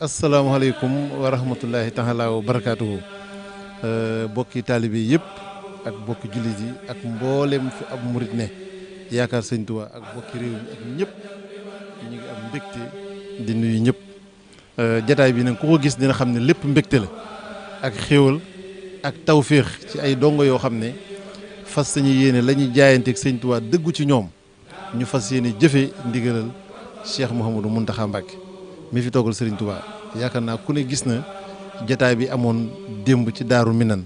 asalaamaaleykum wa rahmatullahi taala wa barakaatuhu euh, bokki taalibe yëpp ak bokki jullit yi ak mbooleem fi ab murit ne yaakaar sëñtuwaa ak bokki réew mi ak ñëpp ñu ngi am mbégte di nuyu ñëpp euh, jataay bi nag ku ko gis dina xam ne lépp mbégte la ak xéwal ak tawféex ci ay dongo yoo xam ne fas sañu yéene lañuy ñuy jaayanteeg sëñ dëggu ci ñoom ñu fas yéene jëfe ndigalal Cheikh Mouhamadou Mountakha Mbacké mi fi toogal Serigne Touba yaakaar naa ku ne gis na jataay bi amoon démb ci Daaru Minan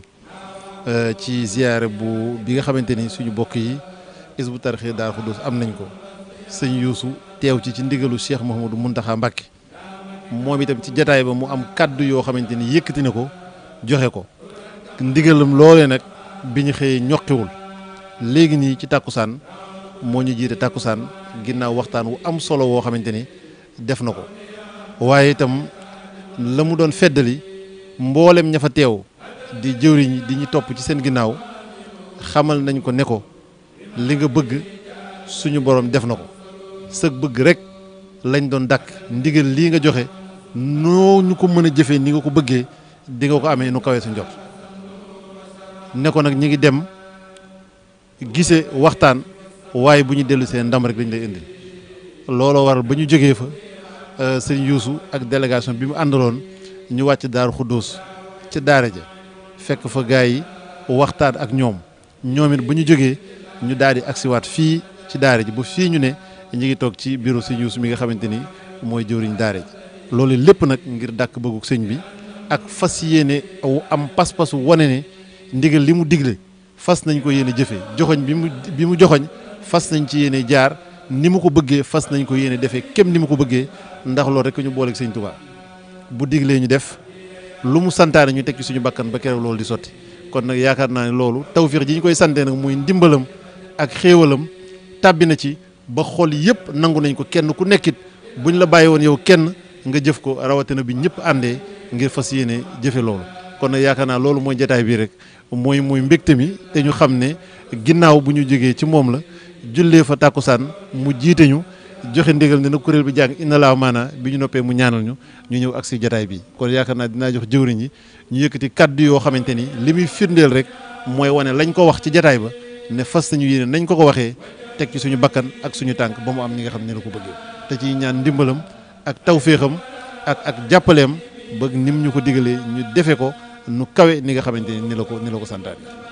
euh, ci ziyaare bu bi nga xamante ni suñu bokk yi Hizbut Tarqiyyah Daaru Xudoos am nañ ko sëñ Youssou teew ci ci ndigalu Cheikh Mouhamadou Mountakha Mbacké moom itam ci jataay ba mu am kàddu yoo xamante ni yëkkati na ko joxe ko ndigalam loolee nag bi ñu xëyee ñoqiwul léegi nii ci tàkkusaan moo ñu jiite tàkkusaan ginnaaw waxtaan wu am solo woo xamante ni def na ko waaye itam la mu doon feddali mboolem ña fa teew di jëwriñ di ñu topp ci seen ginnaaw xamal nañ ko ne ko li nga bëgg suñu borom def na ko sëg bëgg rek lañ doon dàkk ndigal lii nga joxe noo ñu ko mën a jëfee ni nga ko bëggee di nga ko amee nu kawee su njot ne ko nag ñi ngi dem gise waxtaan waaye bu ñu dellu seen ndam rek dañ lay indil looloo waral ba ñu jógee fa Euh, sëñ Youssou ak délégation bi mu àndaloon ñu wàcc Daaru Xuddoos ca daara ja fekk fa gaa yi waxtaan ak ñoom ñoom it bu ñu jógee ñu daal di agsiwaat fii ci daare ji ba fii ñu ne ñu ngi toog ci bureau sëñ Youssou mi nga xamante ni mooy jëwriñ daara ji loolu lépp nag ngir dàkk bëggu sëñ bi ak fas yéene aw am pas-pasu wane ne ndigal li mu digle fas nañ ko yéene jëfee joxoñ bi mu bi mu joxoñ fas nañ ci yéene jaar ni mu ko bëggee fas nañ ko yéene defee kem ni mu ko bëggee ndax loolu rekk ñu booleeg sëñ Tuubaa bu diglee ñu def lu mu santaane ñu teg ci suñu bàkkan ba keroog loolu di sotti kon nag yaakaar naa ne loolu tawfiix ji ñu koy santee nag muy ndimbalam ak xéewalam tàbbi na ci ba xol yëpp nangu nañ ko kenn ku nekkit buñ la bàyyi woon yow kenn nga jëf ko rawatina bi ñëpp àndee ngir fas yéene jëfe kon nag yaakaar naa loolu mooy jataay bii rek mooy mooy mbégte mi te ñu xam ne ginnaaw bu ñu jógee ci moom la jullee fa tàkkusaan mu jiite ñu joxe ndigal ne na kuréel bi jàng inna laa maana bi ñu noppee mu ñaanal ñu ñu ñëw ak si jataay bi kon yaakaar naa dinaa jox jëwriñ yi ñu yëkkati kàddu yoo xamante ni li muy firndeel rek mooy wane lañ ko wax ci jataay ba ne fas nañu yéene nañ ko ko waxee teg ci suñu bakkan ak suñu tànk ba mu am ñi nga xam ne la ko bëggee te ciy ñaan ndimbalam ak tawféexam ak ak jàppaleem bëgg nim ñu ko digalee ñu defe ko nu kawe ni nga xamante ni la ko ni ko santaane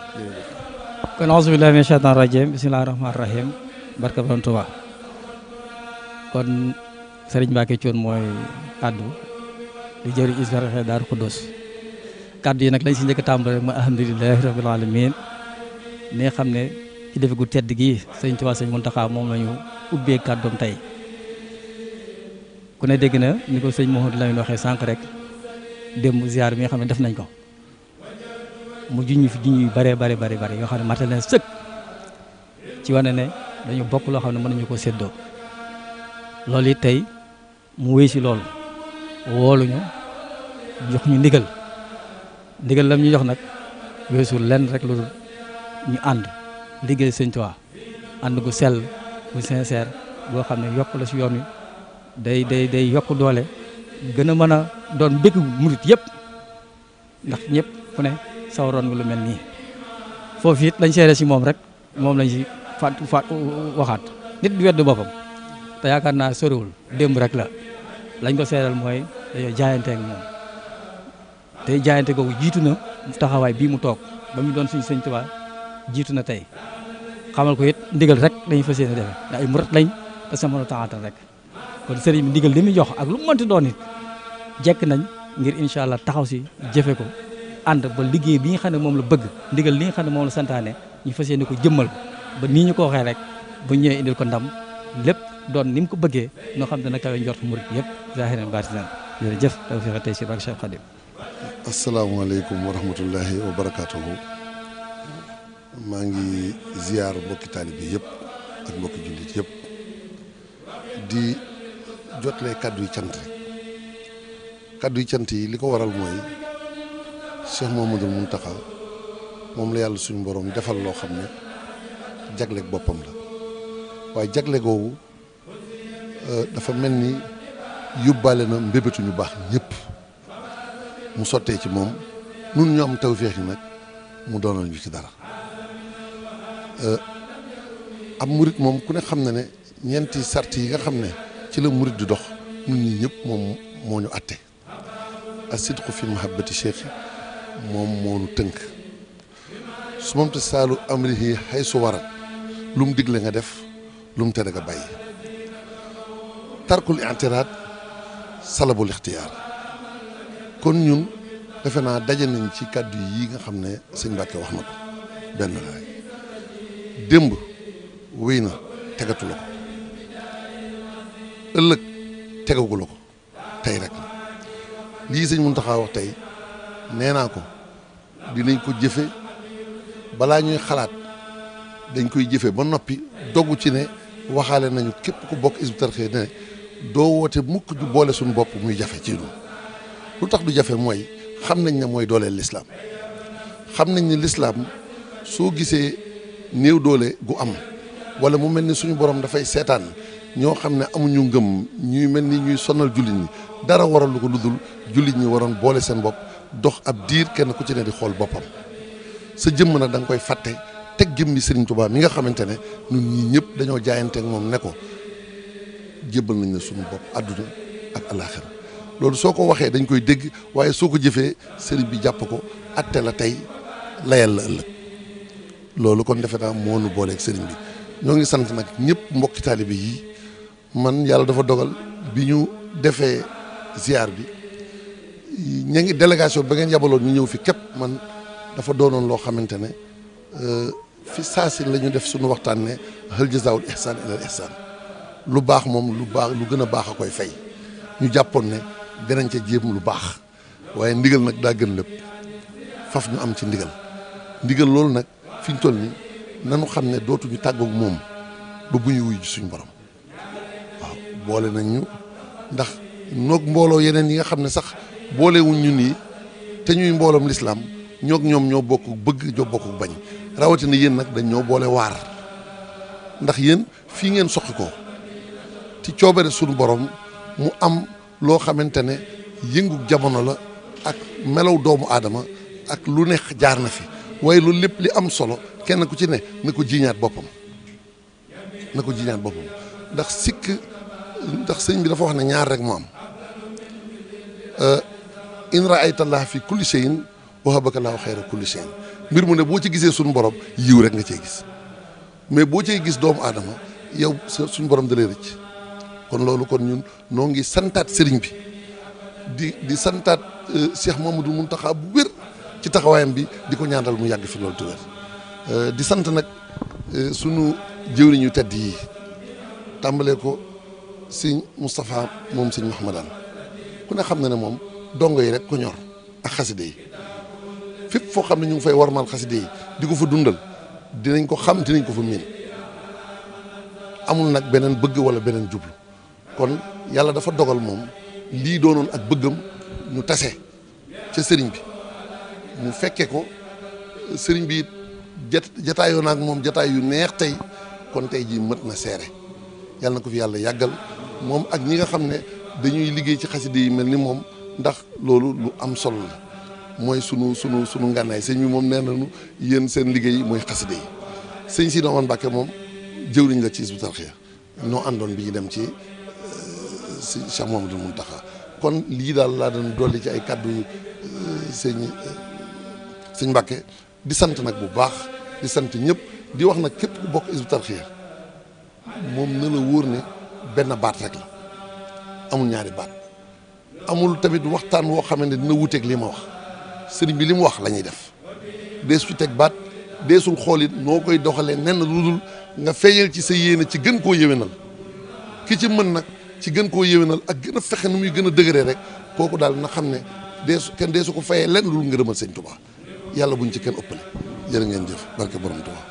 kon auzu billahi mina shaytan rajim bismillahi rahmani rahim barka borom Tuuba mooy addu di jëriñ isbaraxe Daaru Xudoos kaddu yi nag lañ si njëkk a tàmbale mooy alhamdulilahi rabbil alamin ni nga xam ne ci defe gu tedd gii sëñ Tuuba sëñ Muntaxa moom la ñu ubbee kàddoom tey ku ne dégg na ni ko sëñ Mouhamadou Lamine waxee sànq rek démb ziar bi nga xam ne def nañ ko mu juñu fi juñu yu bare bare bare bare yoo xam ne matal na sëkk ci wane ne dañu bokk loo xam ne mën nañu ko séddoo loolu it tey mu wéy si loolu wooluñu joxuñu ñu ndigal ndigal lam ñu jox nag weesu lenn rek lu ñu ànd liggéey Sëñ Tuubaa ànd gu sel gu sincère boo xam ne yokk la si yoon wi day day day yokk doole gën a mën a doon bëgg murit yëpp ndax ñëpp ku ne sawaroon nga lu mel nii foofu it lañ seere si moom rek moom lañ si faat faat waxaat nit du wedd boppam te yaakaar naa sorewul démb rek la lañ ko seeral mooy dañoo jaayante ak moom te jaayante googu jiitu na taxawaay bii mu toog ba mu doon si sëñ Tuubaa jiitu na tey xamal ko it ndigal rek dañuy fas yéene defe ndax ay murit lañ te sama taatal rek kon sëriñ bi ndigal li mu jox ak lu mu mënti jekk nañ ngir incha taxaw si jëfe ko ànd ba liggéey bi nga xam ne moom la bëgg ndigal li nga ne moom la santaane ñu fas yéene ko jëmmal ba nii ñu ko waxee rek bu ñëwee indil ko ndam lépp doon ni mu ko bëggee noo xam dana kawe njort murit yëpp zahiran baatinan jërëjëf tawfiq tey si barke Cheikh Khadim asalaamaaleykum wa rahmatullahi wa barakatuhu maa ngi ziar mbokki taalibe yëpp ak mbokki jullit yëpp di jotlee kaddu yi cant kaddu yi cant yi li ko waral mooy moom Cheikh Mouhamadoul taxaw moom la yàlla suñu borom defal loo xam ne jagleeg boppam la waaye jagle googu euh, dafa mel ni yóbbaale na mbébétu ñu baax ñëpp mu sottee ci moom nun ñoo am tawféex yi nag mu doonal ñu ci dara euh, am murit moom ku ne xam na ne ñeenti sart yi nga xam ne ci la murit di dox nun ñi ñëpp moom moo ñu atte asidqu fi mahabbati cheikh moom moo tënk su ma saalu amrihi xay su waral lu mu digle nga def lu mu tere nga bàyyi tarkul i'tiraad salabul ixtiyaar kon ñun defe naa daje nañ ci kàddu yi nga xam ne sëñ Mbàkke wax na ko benn laay démb wéy na tegatu la ko ëllëg tegagu la ko tey rek lii sëñ Muntaxa wax tey nee naa ko dinañ ko jëfe balaa ñuy xalaat dañ koy jëfe ba noppi dogu ci ne waxaale nañu képp ku bokk Hizbut Tarqiyyah ne doo woote mukk ju boole suñu bopp muy jafe ci ñun lu tax du jafe mooy xam nañ ne mooy dooleel lislaam xam nañ ni lislaam soo gisee néew doole gu am wala mu mel ni suñu borom dafay seetaan ñoo xam ne amuñu ngëm ñuy mel ni ñuy sonal julliñ ñi dara waral lu ko lu ludul jullit ñi waroon boole seen bopp dox ab diir kenn ku ci ne di xool boppam sa jëmm nag da koy fàtte teg jëmmi sëniñ Touba mi nga xamante ne ñun ñii ñëpp dañoo jaayanteeg moom ne ko jébbal nañ la suñu bopp àdduna ak alaaxira loolu soo ko waxee dañ koy dégg waaye soo ko jëfee Serigne bi jàpp ko atte la tey layal la ëllëg loolu kon defe naa moo nu booleeg Serigne bi ñoo ngi sant nag ñëpp mbokki taalibe yi man yàlla dafa dogal bi ñu defee ziar bi. ña ngi délégation ba ngeen yabaloon ñu ñëw fi képp man dafa doonoon loo xamante ne euh, fi saasi la ñu def suñu waxtaan ne hal jazaawul ihsaan ilal ihsaan lu baax moom lu baax lu gën a baax a koy fay ñu jàppoon ne danañ ca jéem lu baax waaye ndigal nag daa gën lépp faf ñu am ci ndigal ndigal loolu nag fi ñu toll nii nanu xam ne dootuñu tàggoog moom ba bu wuy ji suñu borom waaw boole nañ ñu ndax noog mbooloo yeneen yi nga xam ne sax. boolewuñu nii te ñuy mbooloom lislaam ñoog ñoom ñoo bokk bëgg ñoo bokku bañ rawatina yéen nag dañ ñoo boole waar ndax yéen fii ngeen soqi ko ci coobare suñu borom mu am loo xamante ne yëngu jamono la ak melow doomu aadama ak lu ne jaar na fi waaye loolu lépp li am solo kenn ku ci ne na ko jiiñaat boppam na ko jiiñaat boppam ndax sikk ndax sëñ bi dafa wax ne ñaar rek mu am euh, in raayta allah fi kulli shay'in wahabaka allahu xayra kulli shay'in mbir mu ne boo ci gisee suñu borom yiw rek nga cee gis mais boo cee gis doomu aadama yow suñu borom da lay rëcc kon loolu kon ñun noo ngi santaat sëriñ bi di di santaat euh, Cheikh Mamadou Mountakha bu wér ci taxawaayam bi di ko ñaanal mu yàgg fi loolu tuwér euh, di sant nag suñu euh, sunu ñu tedd yi tàmbalee ko si Moustapha moom sëñ Mahmadan ku ne xam na ne moom dongo yi rek ko ñor ak xaside yi fépp foo xam ne ñu ngi fay war mal xaside yi di ko fa dundal dinañ ko xam dinañ ko fa miin amul nag beneen bëgg wala beneen jublu kon yàlla dafa dogal moom lii doonoon ak bëggam ñu tase ca sëriñ bi mu fekke ko sëriñ bi jataayoo naag moom jataay yu neex tey kon tey jii mët na seere yàlla na ko fi yàlla yàggal moom ak ñi nga xam ne dañuy liggéey ci xaside yi mel ni moom ndax loolu lu am solo la mooy sunu sunu sunu ngànnaay sëñ bi moom nee na nañu yéen seen liggéey yi mooy xaside yi sëñ si dooman Mbàkke moom jëwriñ la ci Hizbut Tarqiyyah noo àndoon bi ñu dem ci euh, si Cheikh Mouhamadoul Mountakha kon lii daal laa doon dolli ci ay kàddu euh, sëñ euh, sëñ Mbàkke di sant nag bu baax di sant ñëpp di wax nag képp ku bokk Hizbut Tarqiyyah moom na la wóor ne benn baat rek la amul ñaari baat amul tamit waxtaan woo xam ne dina wuteeg lii ma wax sëriñ bi li mu wax lañuy ñuy def dees ci teg baat deesul xool it noo koy doxalee nen lu dul nga feeñal ci sa yéene ci gën koo yéwenal ki ci mën nag ci gën koo yéwenal ak gën a fexe nu muy gën a dëgëree rek kooku daal na xam ne deesu kenn deesu ko fayee lenn lu ngërëmal sëñ Tuubaa yàlla buñ ci kenn ëppale jërë ngeen jëf barke borom Tuubaa